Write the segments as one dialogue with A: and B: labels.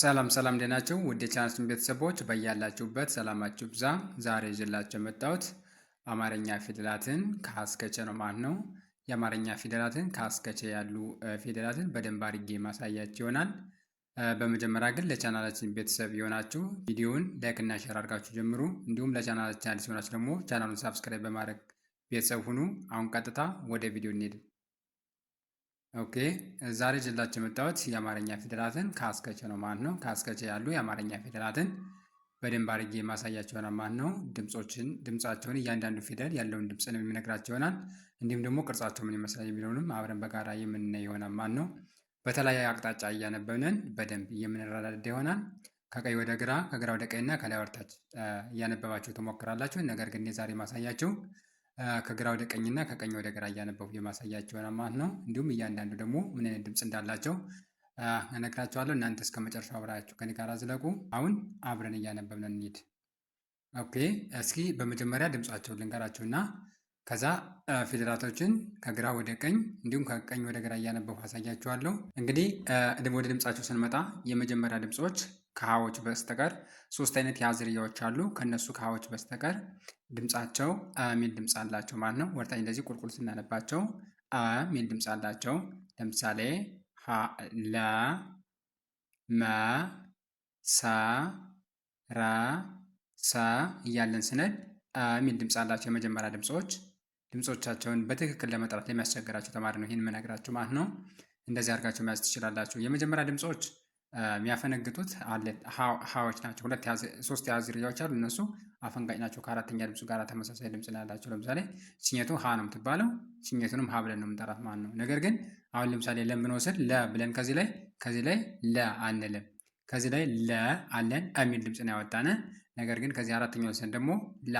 A: ሰላም ሰላም ደናቸው ውድ የቻናላችን ቤተሰቦች በያላችሁበት ሰላማችሁ ብዛ። ዛሬ ይዤላችሁ የመጣሁት አማርኛ ፊደላትን ከአስከቸ ነው ማለት ነው። የአማርኛ ፊደላትን ከአስከቸ ያሉ ፊደላትን በደንብ አድርጌ ማሳያችሁ ይሆናል። በመጀመሪያ ግን ለቻናላችን ቤተሰብ የሆናችሁ ቪዲዮውን ላይክና ሼር አድርጋችሁ ጀምሩ። እንዲሁም ለቻናላችን አዲስ የሆናችሁ ደግሞ ቻናሉን ሳብስክራይብ በማድረግ ቤተሰብ ሁኑ። አሁን ቀጥታ ወደ ቪዲዮ እንሄድም። ኦኬ ዛሬ ጀላቸው የመጣሁት የአማርኛ ፊደላትን ከአስከቸ ነው ማለት ነው። ከአስከቸ ያሉ የአማርኛ ፊደላትን በደንብ አድርጌ የማሳያቸው ይሆናል ማለት ነው። ድምፆችን ድምፃቸውን እያንዳንዱ ፊደል ያለውን ድምፅ ነው የሚነግራቸው ይሆናል። እንዲሁም ደግሞ ቅርጻቸው ምን ይመስላል የሚለውንም አብረን በጋራ የምናይ ይሆናል ማለት ነው። በተለያየ አቅጣጫ እያነበብንን በደንብ የምንረዳዳ ይሆናል። ከቀይ ወደ ግራ፣ ከግራ ወደ ቀይና ከላይ ወደ ታች እያነበባችሁ ትሞክራላችሁ። ነገር ግን የዛሬ ማሳያችሁ ከግራ ወደ ቀኝ እና ከቀኝ ወደ ግራ እያነበቡ የማሳያቸው ማለት ነው። እንዲሁም እያንዳንዱ ደግሞ ምን አይነት ድምፅ እንዳላቸው እነግራቸዋለሁ። እናንተ እስከ መጨረሻው አብራችሁ ከኔ ጋር ዝለቁ። አሁን አብረን እያነበብን እንሂድ። ኦኬ፣ እስኪ በመጀመሪያ ድምፃቸውን እና ከዛ ፊደላቶችን ከግራ ወደ ቀኝ እንዲሁም ከቀኝ ወደ ግራ እያነበብኩ አሳያችኋለሁ። እንግዲህ ወደ ድምፃቸው ስንመጣ የመጀመሪያ ድምፆች ከሃዎች በስተቀር ሶስት አይነት የሃ ዝርያዎች አሉ። ከእነሱ ከሀዎች በስተቀር ድምጻቸው አ ሚል ድምፅ አላቸው ማለት ነው። ወርጣኝ እንደዚህ ቁልቁል ስናነባቸው አ ሚል ድምፅ አላቸው። ለምሳሌ ለ፣ መ፣ ሰ፣ ረ፣ ሰ እያለን ስነድ አ ሚል ድምፅ አላቸው። የመጀመሪያ ድምፆች ድምፆቻቸውን በትክክል ለመጥራት የሚያስቸግራቸው ተማሪ ነው ይህን የምነግራቸው ማለት ነው። እንደዚህ አድርጋቸው መያዝ ትችላላቸው የመጀመሪያ ድምፆች የሚያፈነግጡት አለት ሀዎች ናቸው። ሶስት የሀ ዝርያዎች አሉ። እነሱ አፈንጋጭ ናቸው። ከአራተኛ ድምፅ ጋር ተመሳሳይ ድምፅ ያላቸው ለምሳሌ ችኘቱ ሀ ነው የምትባለው። ችኘቱንም ሀ ብለን ነው የምንጠራት ማለት ነው። ነገር ግን አሁን ለምሳሌ ለም ብንወስድ ለ ብለን ከዚህ ላይ ከዚህ ላይ ለ አንልም። ከዚህ ላይ ለ አለን የሚል ድምፅ ነው ያወጣነ። ነገር ግን ከዚህ አራተኛ ወሰን ደግሞ ላ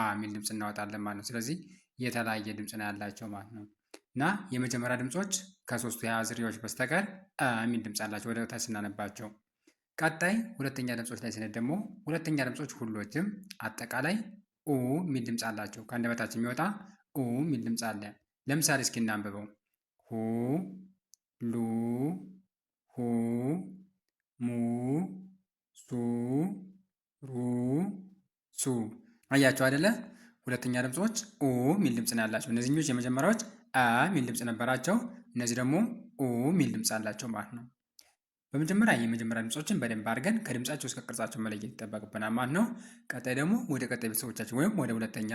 A: አ የሚል ድምፅ እናወጣለን ማለት ነው። ስለዚህ የተለያየ ድምፅ ነው ያላቸው ማለት ነው። እና የመጀመሪያ ድምፆች ከሶስቱ የሀ ዝርያዎች በስተቀር የሚል ድምፅ አላቸው ወደ ታች ስናነባቸው። ቀጣይ ሁለተኛ ድምፆች ላይ ስንሄድ ደግሞ ሁለተኛ ድምፆች ሁሎችም አጠቃላይ ኡ የሚል ድምፅ አላቸው። በታች የሚወጣ ኡ የሚል ድምፅ አለ። ለምሳሌ እስኪ እናንብበው። ሁ ሉ ሁ ሙ ሱ ሩ ሱ አያቸው አይደለ? ሁለተኛ ድምፆች ኡ የሚል ድምፅ ነው ያላቸው። እነዚህኞች የመጀመሪያዎች አ ሚል ድምፅ ነበራቸው። እነዚህ ደግሞ ኡ ሚል ድምፅ አላቸው ማለት ነው። በመጀመሪያ የመጀመሪያ ድምፆችን በደንብ አድርገን ከድምፃቸው እስከ ቅርጻቸው መለየት ይጠበቅብናል ማለት ነው። ቀጣይ ደግሞ ወደ ቀጣይ ቤተሰቦቻችን ወይም ወደ ሁለተኛ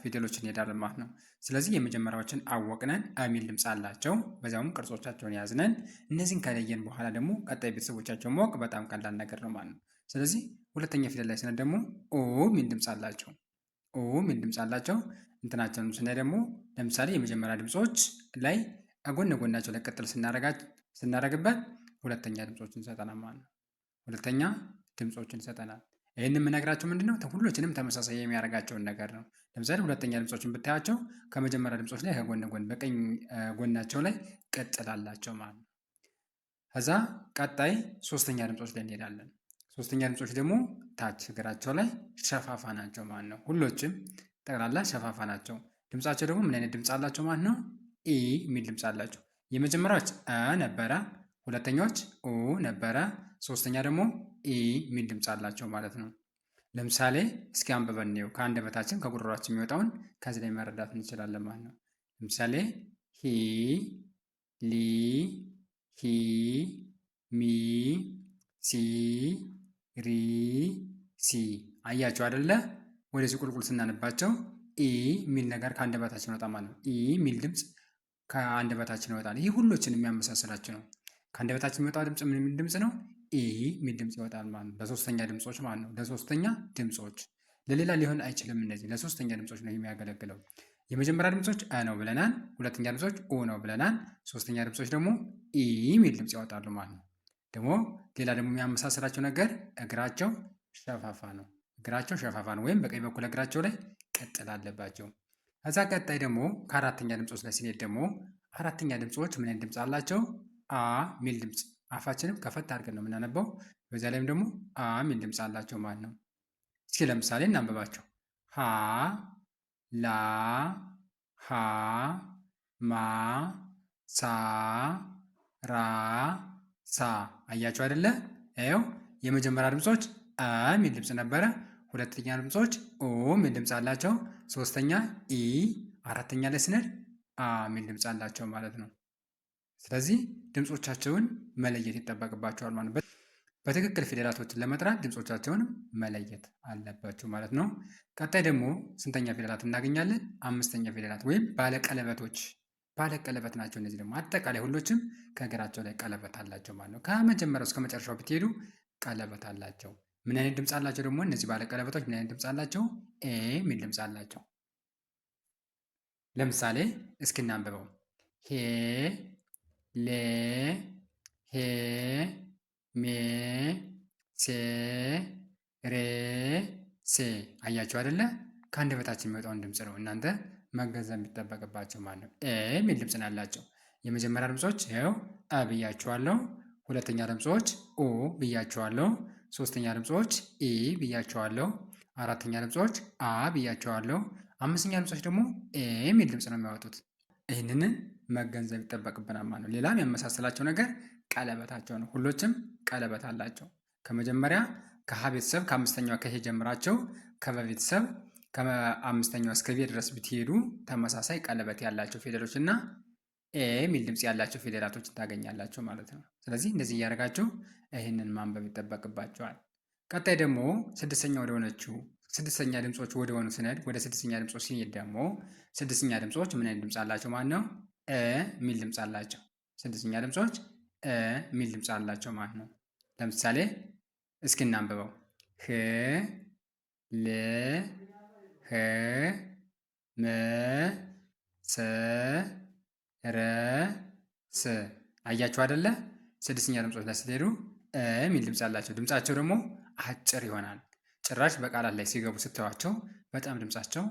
A: ፊደሎች እንሄዳለን ማለት ነው። ስለዚህ የመጀመሪያዎችን አወቅነን ሚል ድምፅ አላቸው፣ በዚያውም ቅርጾቻቸውን ያዝነን። እነዚህን ከለየን በኋላ ደግሞ ቀጣይ ቤተሰቦቻቸው ማወቅ በጣም ቀላል ነገር ነው ማለት ነው። ስለዚህ ሁለተኛ ፊደል ላይ ስነት ደግሞ ኦ ሚል ድምፅ አላቸው ኦ ሚል ድምፅ አላቸው። እንትናቸውን ስናይ ደግሞ ለምሳሌ የመጀመሪያ ድምፆች ላይ ጎን ጎናቸው ለቀጥል ስናደረግበት ስናደርግበት ሁለተኛ ድምፆች ይሰጠናል ማለት ነው። ሁለተኛ ድምፆች ይሰጠናል። ይህን የምነግራቸው ምንድነው ነው? ሁሎችንም ተመሳሳይ የሚያደርጋቸውን ነገር ነው። ለምሳሌ ሁለተኛ ድምፆችን ብታያቸው ከመጀመሪያ ድምፆች ላይ ከጎን ጎን በቀኝ ጎናቸው ላይ ቅጥል አላቸው ማለት ነው። ከዛ ቀጣይ ሶስተኛ ድምፆች ላይ እንሄዳለን። ሶስተኛ ድምፆች ደግሞ ታች እግራቸው ላይ ሸፋፋ ናቸው ማለት ነው ሁሎችም ጠቅላላ ሸፋፋ ናቸው። ድምጻቸው ደግሞ ምን አይነት ድምፅ አላቸው ማለት ነው? ኢ የሚል ድምፅ አላቸው። የመጀመሪያዎች አ ነበረ፣ ሁለተኛዎች ኦ ነበረ፣ ሶስተኛ ደግሞ ኢ የሚል ድምፅ አላቸው ማለት ነው። ለምሳሌ እስኪ አንብበን እንየው። ከአንድ በታችን ከጉሮሯችን የሚወጣውን ከዚህ ላይ መረዳት እንችላለን ማለት ነው። ለምሳሌ ሂ ሊ ሂ ሚ ሲ ሪ ሲ አያችሁ አደለ? ወደዚህ ቁልቁል ስናነባቸው ኢ የሚል ነገር ከአንድ በታችን ይወጣ ማለት ነው። ኢ የሚል ድምፅ ከአንድ በታችን ይወጣል። ይህ ሁሎችን የሚያመሳስላቸው ነው። ከአንድ በታችን የሚወጣ ድምፅ ምን የሚል ድምፅ ነው? ኢ የሚል ድምፅ ይወጣል ማለት ነው። ለሶስተኛ ድምፆች ማለት ነው። ለሶስተኛ ድምፆች ለሌላ ሊሆን አይችልም። እነዚህ ለሶስተኛ ድምፆች ነው የሚያገለግለው። የመጀመሪያ ድምፆች አ ነው ብለናል። ሁለተኛ ድምፆች ኦ ነው ብለናል። ሶስተኛ ድምፆች ደግሞ ኢ የሚል ድምፅ ያወጣሉ ማለት ነው። ደግሞ ሌላ ደግሞ የሚያመሳስላቸው ነገር እግራቸው ሸፋፋ ነው። እግራቸው ሸፋፋ ነው፣ ወይም በቀኝ በኩል እግራቸው ላይ ቀጥል አለባቸው። ከዛ ቀጣይ ደግሞ ከአራተኛ ድምፆች ላይ ስንሄድ ደግሞ አራተኛ ድምፆች ምን ድምፅ አላቸው? አ ሚል ድምፅ አፋችንም ከፈት አድርገን ነው የምናነበው። በዚያ ላይም ደግሞ አ ሚል ድምፅ አላቸው ማለት ነው። እስኪ ለምሳሌ እናንብባቸው። ሀ ላ ሀ ማ ሳ ራ ሳ። አያቸው አይደለ? ይኸው የመጀመሪያ ድምፆች አ ሚል ድምፅ ነበረ። ሁለተኛ ድምፆች ኦ የሚል ድምፅ አላቸው። ሶስተኛ ኢ፣ አራተኛ ላይ ስንል አ ሚል ድምፅ አላቸው ማለት ነው። ስለዚህ ድምፆቻቸውን መለየት ይጠበቅባቸዋል ማለት ነው። በትክክል ፊደላቶችን ለመጥራት ድምፆቻቸውን መለየት አለባቸው ማለት ነው። ቀጣይ ደግሞ ስንተኛ ፊደላት እናገኛለን? አምስተኛ ፊደላት ወይም ባለቀለበቶች ቀለበት ናቸው። እነዚህ ደግሞ አጠቃላይ ሁሎችም ከእግራቸው ላይ ቀለበት አላቸው ማለት ነው። ከመጀመሪያው እስከ መጨረሻው ብትሄዱ ቀለበት አላቸው። ምን አይነት ድምፅ አላቸው? ደግሞ እነዚህ ባለቀለበቶች ምን አይነት ድምፅ አላቸው? ኤ የሚል ድምፅ አላቸው። ለምሳሌ እስኪ እናንብበው። ሄ ሌ ሄ ሜ ሴ ሬ ሴ። አያችሁ አይደለ? ከአንድ በታችን የሚወጣውን ድምፅ ነው እናንተ መገንዘብ የሚጠበቅባቸው ማለት ነው። ኤ የሚል ድምፅ ነው ያላቸው። የመጀመሪያ ድምፆች ይኸው አ ብያችኋለሁ። ሁለተኛ ድምፆች ኦ ብያችኋለሁ። ሶስተኛ ድምፆች ኢ ብያቸዋለሁ። አራተኛ ድምፆች አ ብያቸዋለሁ። አምስተኛ ድምፆች ደግሞ ኤ የሚል ድምፅ ነው የሚያወጡት። ይህንን መገንዘብ ይጠበቅብናል ማለት ነው። ሌላም ያመሳሰላቸው ነገር ቀለበታቸው ነው። ሁሎችም ቀለበት አላቸው። ከመጀመሪያ ከሀ ቤተሰብ ከአምስተኛዋ ከሄ ጀምራቸው ከበ ቤተሰብ እስከ ቤ ድረስ ብትሄዱ ተመሳሳይ ቀለበት ያላቸው ፊደሎች እና ኤ የሚል ድምፅ ያላቸው ፊደላቶችን ታገኛላችሁ ማለት ነው። ስለዚህ እንደዚህ እያደረጋችሁ ይህንን ማንበብ ይጠበቅባቸዋል። ቀጣይ ደግሞ ስድስተኛ ወደ ሆነችው ስድስተኛ ድምፆች ወደ ሆኑ ወደ ስድስተኛ ድምፆች ሲሄድ ደግሞ ስድስተኛ ድምፆች ምን አይነት ድምፅ አላቸው ማለት ነው? እ የሚል ድምፅ አላቸው። ስድስተኛ ድምፆች እ የሚል ድምፅ አላቸው ማለት ነው። ለምሳሌ እስኪ እናንብበው። ህ ል ህ መ ሰ ረስ አያችሁ አደለ? ስድስተኛ ድምጾች ላይ ስትሄዱ የሚል ድምፅ አላቸው። ድምፃቸው ደግሞ አጭር ይሆናል። ጭራሽ በቃላት ላይ ሲገቡ ስተዋቸው በጣም ድምፃቸው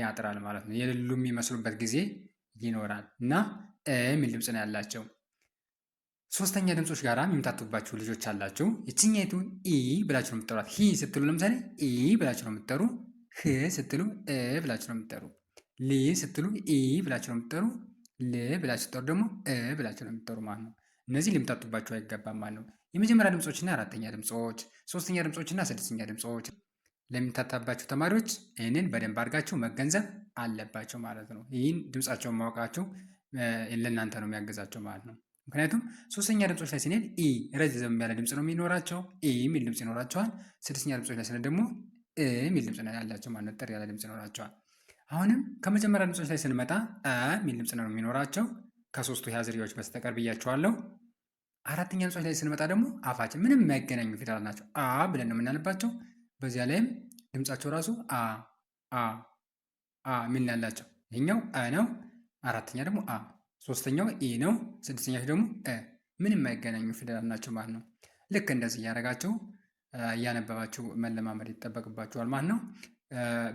A: ያጥራል ማለት ነው። የሌሉ የሚመስሉበት ጊዜ ይኖራል እና የሚል ድምፅ ነው ያላቸው። ሶስተኛ ድምፆች ጋር የሚምታቱባችሁ ልጆች አላችሁ። የችኛይቱን ኢ ብላችሁ ነው የምትጠሯት። ሂ ስትሉ ለምሳሌ ኢ ብላችሁ ነው የምትጠሩ። ህ ስትሉ እ ብላችሁ ነው የምትጠሩ። ሊ ስትሉ ኢ ብላችሁ ነው የምትጠሩ። ል ብላችሁ ስትጠሩ ደግሞ እ ብላችሁ ነው የምትጠሩ ማለት ነው። እነዚህ ሊምታጡባቸው አይገባም ማለት ነው። የመጀመሪያ ድምፆችና አራተኛ ድምፆች፣ ሶስተኛ ድምፆችና ስድስተኛ ድምፆች ለሚታታባቸው ተማሪዎች ይህንን በደንብ አድርጋችሁ መገንዘብ አለባቸው ማለት ነው። ይህን ድምፃቸውን ማወቃቸው ለእናንተ ነው የሚያገዛቸው ማለት ነው። ምክንያቱም ሶስተኛ ድምፆች ላይ ስንሄድ ኢ ረዘም ያለ ድምፅ ነው የሚኖራቸው፣ ኢ የሚል ድምፅ ይኖራቸዋል። ስድስተኛ ድምፆች ላይ ስንሄድ ደግሞ የሚል ድምፅ ያላቸው ማለት ነው። ጥር ያለ ድምፅ ይኖራቸዋል። አሁንም ከመጀመሪያ ድምጾች ላይ ስንመጣ አ የሚል ድምጽ ነው የሚኖራቸው ከሶስቱ ያ ዝርያዎች በስተቀር ብያቸዋለሁ። አራተኛ ድምጾች ላይ ስንመጣ ደግሞ አፋችን ምንም የማይገናኙ ፊደላት ናቸው። አ ብለን ነው የምናነባቸው። በዚያ ላይም ድምጻቸው ራሱ አ አ አ የሚል ያላቸው። ይህኛው አ ነው። አራተኛ ደግሞ አ፣ ሶስተኛው ኢ ነው፣ ስድስተኛው ደግሞ እ። ምንም የማይገናኙ ፊደላት ናቸው ማለት ነው። ልክ እንደዚህ እያደረጋችሁ እያነበባችሁ መለማመድ ይጠበቅባችኋል ማለት ነው።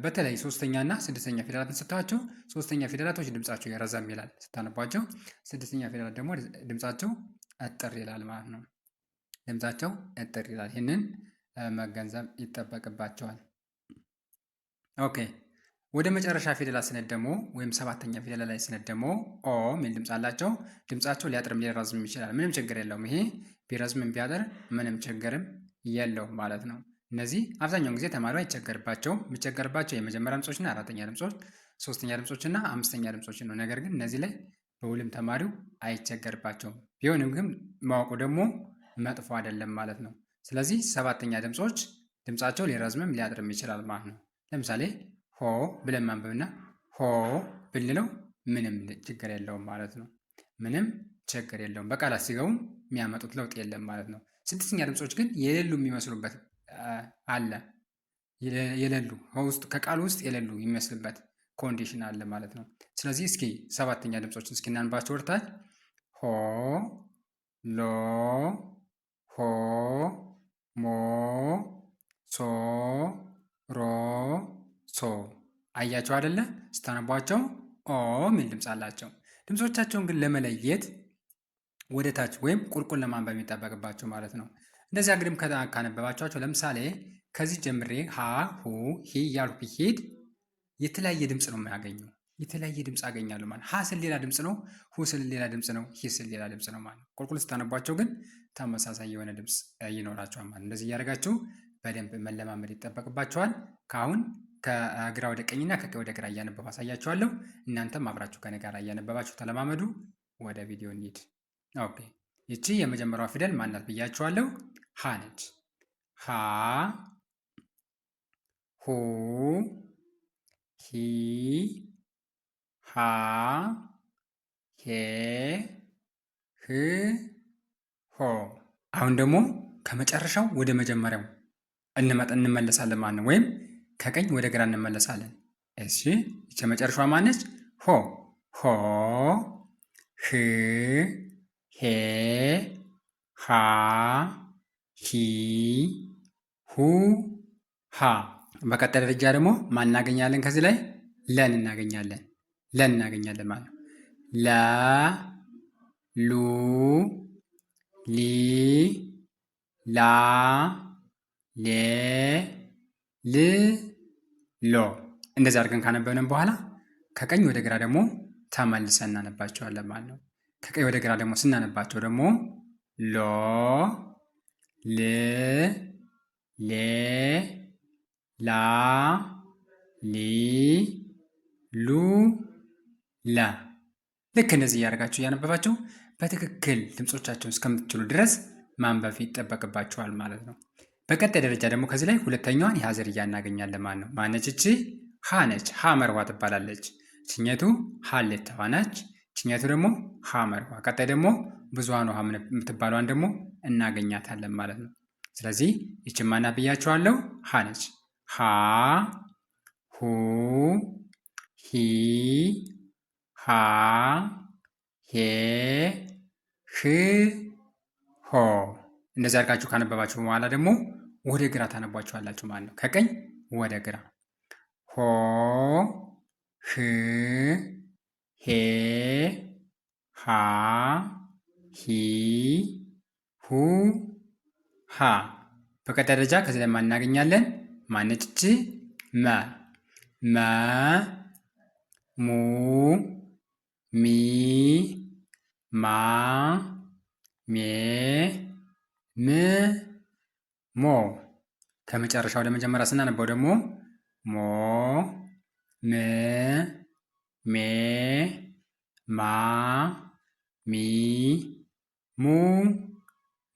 A: በተለይ ሶስተኛ እና ስድስተኛ ፊደላትን ስታቸው ሶስተኛ ፊደላቶች ድምጻቸው ረዘም ይላል ስታነቧቸው፣ ስድስተኛ ፊደላት ደግሞ ድምጻቸው እጥር ይላል ማለት ነው። ድምጻቸው እጥር ይላል። ይህንን መገንዘብ ይጠበቅባቸዋል። ኦኬ ወደ መጨረሻ ፊደላት ስነት ደግሞ ወይም ሰባተኛ ፊደላ ላይ ስነት ደግሞ ኦ ሚል ድምፅ አላቸው። ድምጻቸው ሊያጥርም ሊረዝም ይችላል። ምንም ችግር የለውም። ይሄ ቢረዝምም ቢያጥር ምንም ችግርም የለውም ማለት ነው። እነዚህ አብዛኛውን ጊዜ ተማሪው አይቸገርባቸውም። የሚቸገርባቸው የመጀመሪያ ድምጾችና አራተኛ ድምጾች፣ ሶስተኛ ድምጾችና አምስተኛ ድምጾችን ነው። ነገር ግን እነዚህ ላይ በሁሉም ተማሪው አይቸገርባቸውም። ቢሆንም ግን ማወቁ ደግሞ መጥፎ አይደለም ማለት ነው። ስለዚህ ሰባተኛ ድምጾች ድምጻቸው ሊረዝምም ሊያጥርም ይችላል ማለት ነው። ለምሳሌ ሆ ብለን ማንበብና ሆ ብንለው ምንም ችግር የለውም ማለት ነው። ምንም ችግር የለውም። በቃላት ሲገቡም የሚያመጡት ለውጥ የለም ማለት ነው። ስድስተኛ ድምጾች ግን የሌሉ የሚመስሉበት አለ የሌሉ ከቃል ውስጥ የሌሉ የሚመስልበት ኮንዲሽን አለ ማለት ነው። ስለዚህ እስኪ ሰባተኛ ድምፆችን እስኪ እናንባቸው ወርታች ሆ ሎ ሆ ሞ ሶ ሮ ሶ። አያቸው አይደለ? ስታነቧቸው ኦ ሚል ድምፅ አላቸው። ድምፆቻቸውን ግን ለመለየት ወደ ታች ወይም ቁልቁል ለማንበብ የሚጠበቅባቸው ማለት ነው። እንደዚያ እንግዲህ ካነበባቸዋቸው ለምሳሌ ከዚህ ጀምሬ ሀ ሁ ሂ እያልኩ ብሄድ የተለያየ ድምፅ ነው የሚያገኘው። የተለያየ ድምፅ አገኛለሁ ማለት ሀ ስል ሌላ ድምፅ ነው፣ ሁ ስል ሌላ ድምፅ ነው፣ ሂ ስል ሌላ ድምፅ ነው ማለት ቁልቁል ስታነቧቸው ግን ተመሳሳይ የሆነ ድምፅ ይኖራቸዋል ማለት እንደዚህ እያደረጋችሁ በደንብ መለማመድ ይጠበቅባቸዋል። ከአሁን ከግራ ወደ ቀኝና ከቀኝ ወደ ግራ እያነበብ አሳያችኋለሁ። እናንተም አብራችሁ ከኔ ጋር እያነበባችሁ ተለማመዱ። ወደ ቪዲዮ እንሂድ። ኦኬ ይቺ የመጀመሪያዋ ፊደል ማናት ብያችኋለሁ። ሀ ነች። ሀ ሁ ሂ ሃ ሄ ህ ሆ። አሁን ደግሞ ከመጨረሻው ወደ መጀመሪያው እንመጣ እንመለሳለን ማለት ነው። ወይም ከቀኝ ወደ ግራ እንመለሳለን። እሺ ይቺ መጨረሻዋ ማነች? ሆ ሆ ህ ሄ ሃ ሂ ሁ ሀ። በቀጣይ ደረጃ ደግሞ ማን እናገኛለን? ከዚህ ላይ ለን እናገኛለን። ለን እናገኛለን ማለት ነው። ለ ሉ ሊ ላ ሌ ል ሎ እንደዚህ አድርገን ካነበብንም በኋላ ከቀኝ ወደ ግራ ደግሞ ተመልሰን እናነባቸዋለን ማለት ነው። ከቀኝ ወደ ግራ ደግሞ ስናነባቸው ደግሞ ሎ ል ሌ ላ ሊ ሉ ላ ልክ እነዚህ እያደረጋችሁ እያነበባችሁ በትክክል ድምፆቻቸውን እስከምትችሉ ድረስ ማንበብ ይጠበቅባችኋል ማለት ነው። በቀጣይ ደረጃ ደግሞ ከዚህ ላይ ሁለተኛዋን የሀ ዝርያ እናገኛለን ማለት ነው። ማነች? እቺ ሀ ነች። ሀ መርዋ ትባላለች። ችኘቱ ሀሌት ችኛቱ ደግሞ ሀ መርዋ ቀጣይ ደግሞ ብዙሀን ውሃ የምትባለዋን ደግሞ እናገኛታለን ማለት ነው። ስለዚህ ይችማና ብያቸዋለሁ ሀ ነች። ሀ ሁ ሂ ሃ ሄ ህ ሆ እንደዚህ አድርጋችሁ ካነበባችሁ በኋላ ደግሞ ወደ ግራ ታነቧችኋላችሁ ማለት ነው። ከቀኝ ወደ ግራ ሆ ህ ሄ ሃ ሂ ሁ ሃ በቀጣይ ደረጃ ከዚህ ላይ ማናገኛለን ማነች መ መ ሙ ሚ ማ ሜ ም ሞ ከመጨረሻ ወደ መጀመሪያ ስናነበው ደግሞ ሞ ም ሜ ማ ሚ ሙ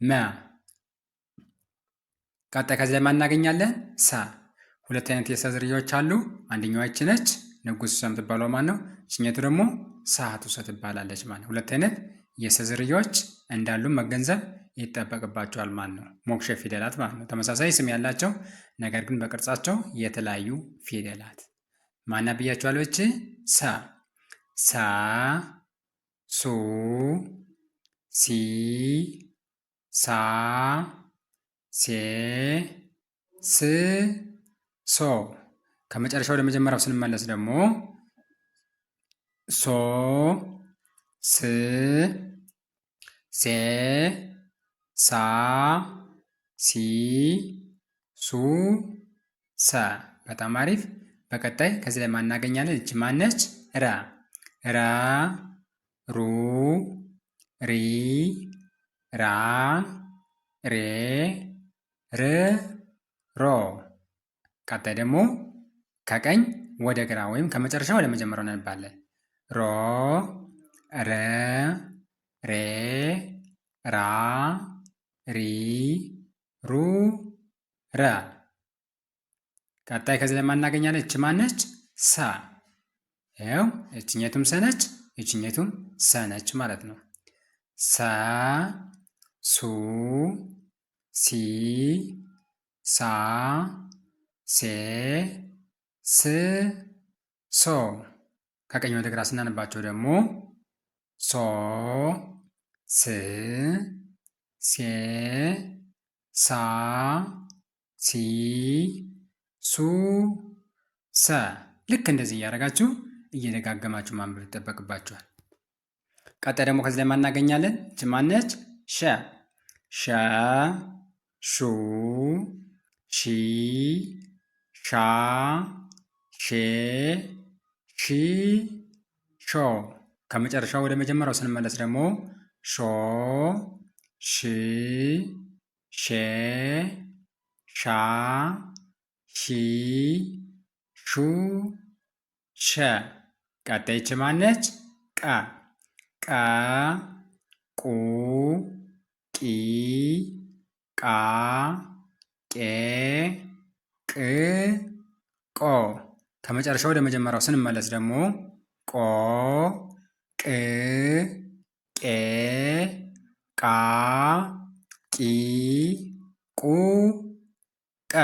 A: መ ቀጣይ ከዚያ ሰ ሁለት አይነት የሰ ዝርያዎች አሉ። አንደኛዋ ይች ነች ንጉሥ ሰ የምትባለው ማን ነው። ደግሞ ሰዓቱ ሰ ትባላለች። ሁለት አይነት የሰ ዝርያዎች እንዳሉ መገንዘብ ይጠበቅባቸዋል። ማን ነው ሞክሼ ፊደላት ነው። ተመሳሳይ ስም ያላቸው ነገር ግን በቅርጻቸው የተለያዩ ፊደላት ማና ብያችኋለች። ሳ ሳ ሱ ሲ ሳ ሴ ስ ሶ ከመጨረሻው ወደ መጀመሪያው ስንመለስ ደግሞ ሶ ስ ሴ ሳ ሲ ሱ ሰ በጣም አሪፍ በቀጣይ ከዚህ ላይ ማናገኛለን? እች ማነች? ራ ራ ሩ ሪ ራ ሬ ር ሮ። ቀጣይ ደግሞ ከቀኝ ወደ ግራ ወይም ከመጨረሻ ወደ መጀመሪያው እናነባለን። ሮ ረ ሬ ራ ሪ ሩ ራ። ቀጣይ ከዚህ ላይ ማናገኛለን? እች ማነች? ሰ ይኸው እችኘቱም ሰነች እችኘቱም ሰነች ማለት ነው። ሰ ሱ ሲ ሳ ሴ ስ ሶ ከቀኝ ወደ ግራ ስናነባቸው ደግሞ ሶ ስ ሴ ሳ ሲ ሱ ሰ ልክ እንደዚህ እያደረጋችሁ እየደጋገማችሁ ማንበብ ይጠበቅባችኋል። ቀጣይ ደግሞ ከዚህ ላይ ማናገኛለን ችማነች ሸ ሸ ሹ ሺ ሻ ሼ ሺ ሾ ከመጨረሻው ወደ መጀመሪያው ስንመለስ ደግሞ ሾ ሺ ሼ ሻ ሺ ሹ ሸ ቀጣይ ማነች? ቀ ቀ ቁ ቂ ቃ ቄ ቅ ቆ ከመጨረሻው ወደ መጀመሪያው ስንመለስ ደግሞ ቆ ቅ ቄ ቃ ቂ ቁ ቃ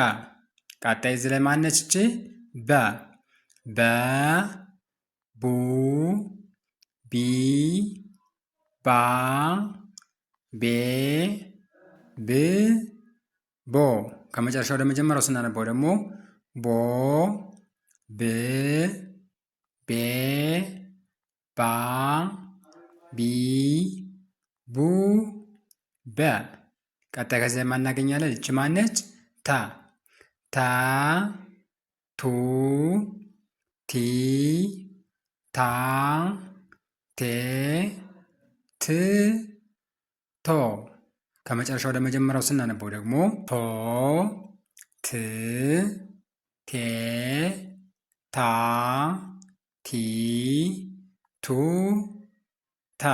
A: ቀጣይ እዚህ ላይ ማነች እቺ? በ በ ቡ ቢ ባ ቤ ብ ቦ ከመጨረሻ ወደ መጀመሪያው ስናነባው ደግሞ ቦ ብ ቤ ባ ቢ ቡ በ ቀጣይ ከዚያ ማናገኛለን እች ማነች? ታ ታ ቱ ቲ ታ ቴ ት ቶ ከመጨረሻ ወደ መጀመሪያው ስናነበው ደግሞ ቶ ት ቴ ታ ቲ ቱ ታ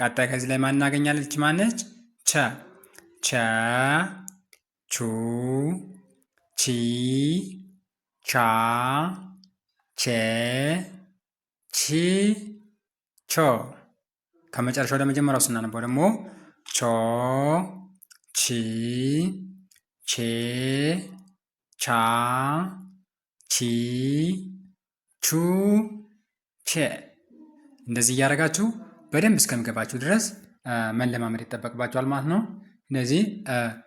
A: ቀጣይ ከዚህ ላይ ማናገኛለች ማነች ቸ ቸ ቹ ቺ ቻ ቼ ቺ ቾ። ከመጨረሻው ወደ መጀመሪያው ስናነበው ደግሞ ቾ ቺ ቼ ቻ ቺ ቹ ቼ። እንደዚህ እያደረጋችሁ በደንብ እስከሚገባችሁ ድረስ መለማመድ ይጠበቅባችኋል ማለት ነው። እንደዚህ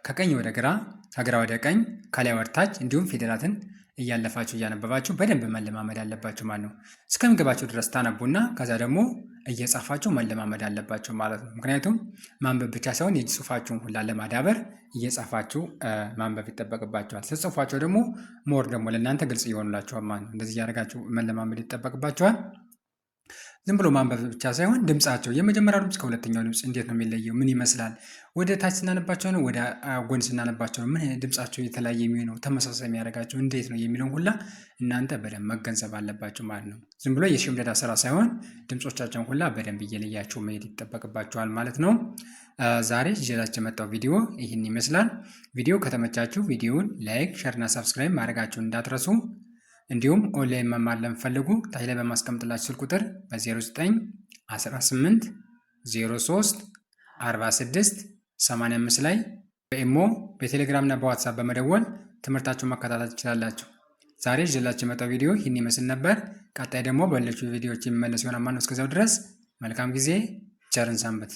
A: ከቀኝ ወደ ግራ ከግራ ወደ ቀኝ፣ ከላይ ወደታች እንዲሁም ፊደላትን እያለፋችሁ እያነበባችሁ በደንብ መለማመድ አለባችሁ ማለት ነው። እስከ ድረስ ታነቡና ከዛ ደግሞ እየጻፋችሁ መለማመድ አለባችሁ ማለት ነው። ምክንያቱም ማንበብ ብቻ ሳይሆን የእጅ ሁላ ለማዳበር እየጻፋችሁ ማንበብ ይጠበቅባችኋል። ስትጽፏቸው ደግሞ ሞር ደግሞ ለእናንተ ግልጽ እየሆኑላችኋል ማለት ነው። እንደዚህ እያደረጋችሁ መለማመድ ይጠበቅባችኋል። ዝም ብሎ ማንበብ ብቻ ሳይሆን ድምፃቸው የመጀመሪያው ድምፅ ከሁለተኛው ድምፅ እንዴት ነው የሚለየው? ምን ይመስላል? ወደ ታች ስናነባቸው ነው፣ ወደ ጎን ስናነባቸው ነው፣ ምን ድምፃቸው የተለያየ የሚሆነው? ተመሳሳይ የሚያደርጋቸው እንዴት ነው የሚለውን ሁላ እናንተ በደንብ መገንዘብ አለባቸው ማለት ነው። ዝም ብሎ የሽምደዳ ስራ ሳይሆን ድምፆቻቸውን ሁላ በደንብ እየለያቸው መሄድ ይጠበቅባቸዋል ማለት ነው። ዛሬ ይዤላችሁ የመጣው ቪዲዮ ይህን ይመስላል። ቪዲዮ ከተመቻችሁ ቪዲዮውን ላይክ፣ ሸርና ሰብስክራይብ ማድረጋችሁን እንዳትረሱ። እንዲሁም ኦንላይን መማር ለምፈልጉ ታች ላይ በማስቀምጥላችሁ ስልክ ቁጥር በ0918 03 46 85 ላይ በኢሞ በቴሌግራምና በዋትሳፕ በመደወል ትምህርታችሁን መከታተል ትችላላችሁ። ዛሬ ይዤላችሁ የመጣው ቪዲዮ ይህን ይመስል ነበር። ቀጣይ ደግሞ በሌሎች ቪዲዮዎች የሚመለስ ይሆናል። ማነው እስከዚያው ድረስ መልካም ጊዜ፣ ቸርን ሰንብት።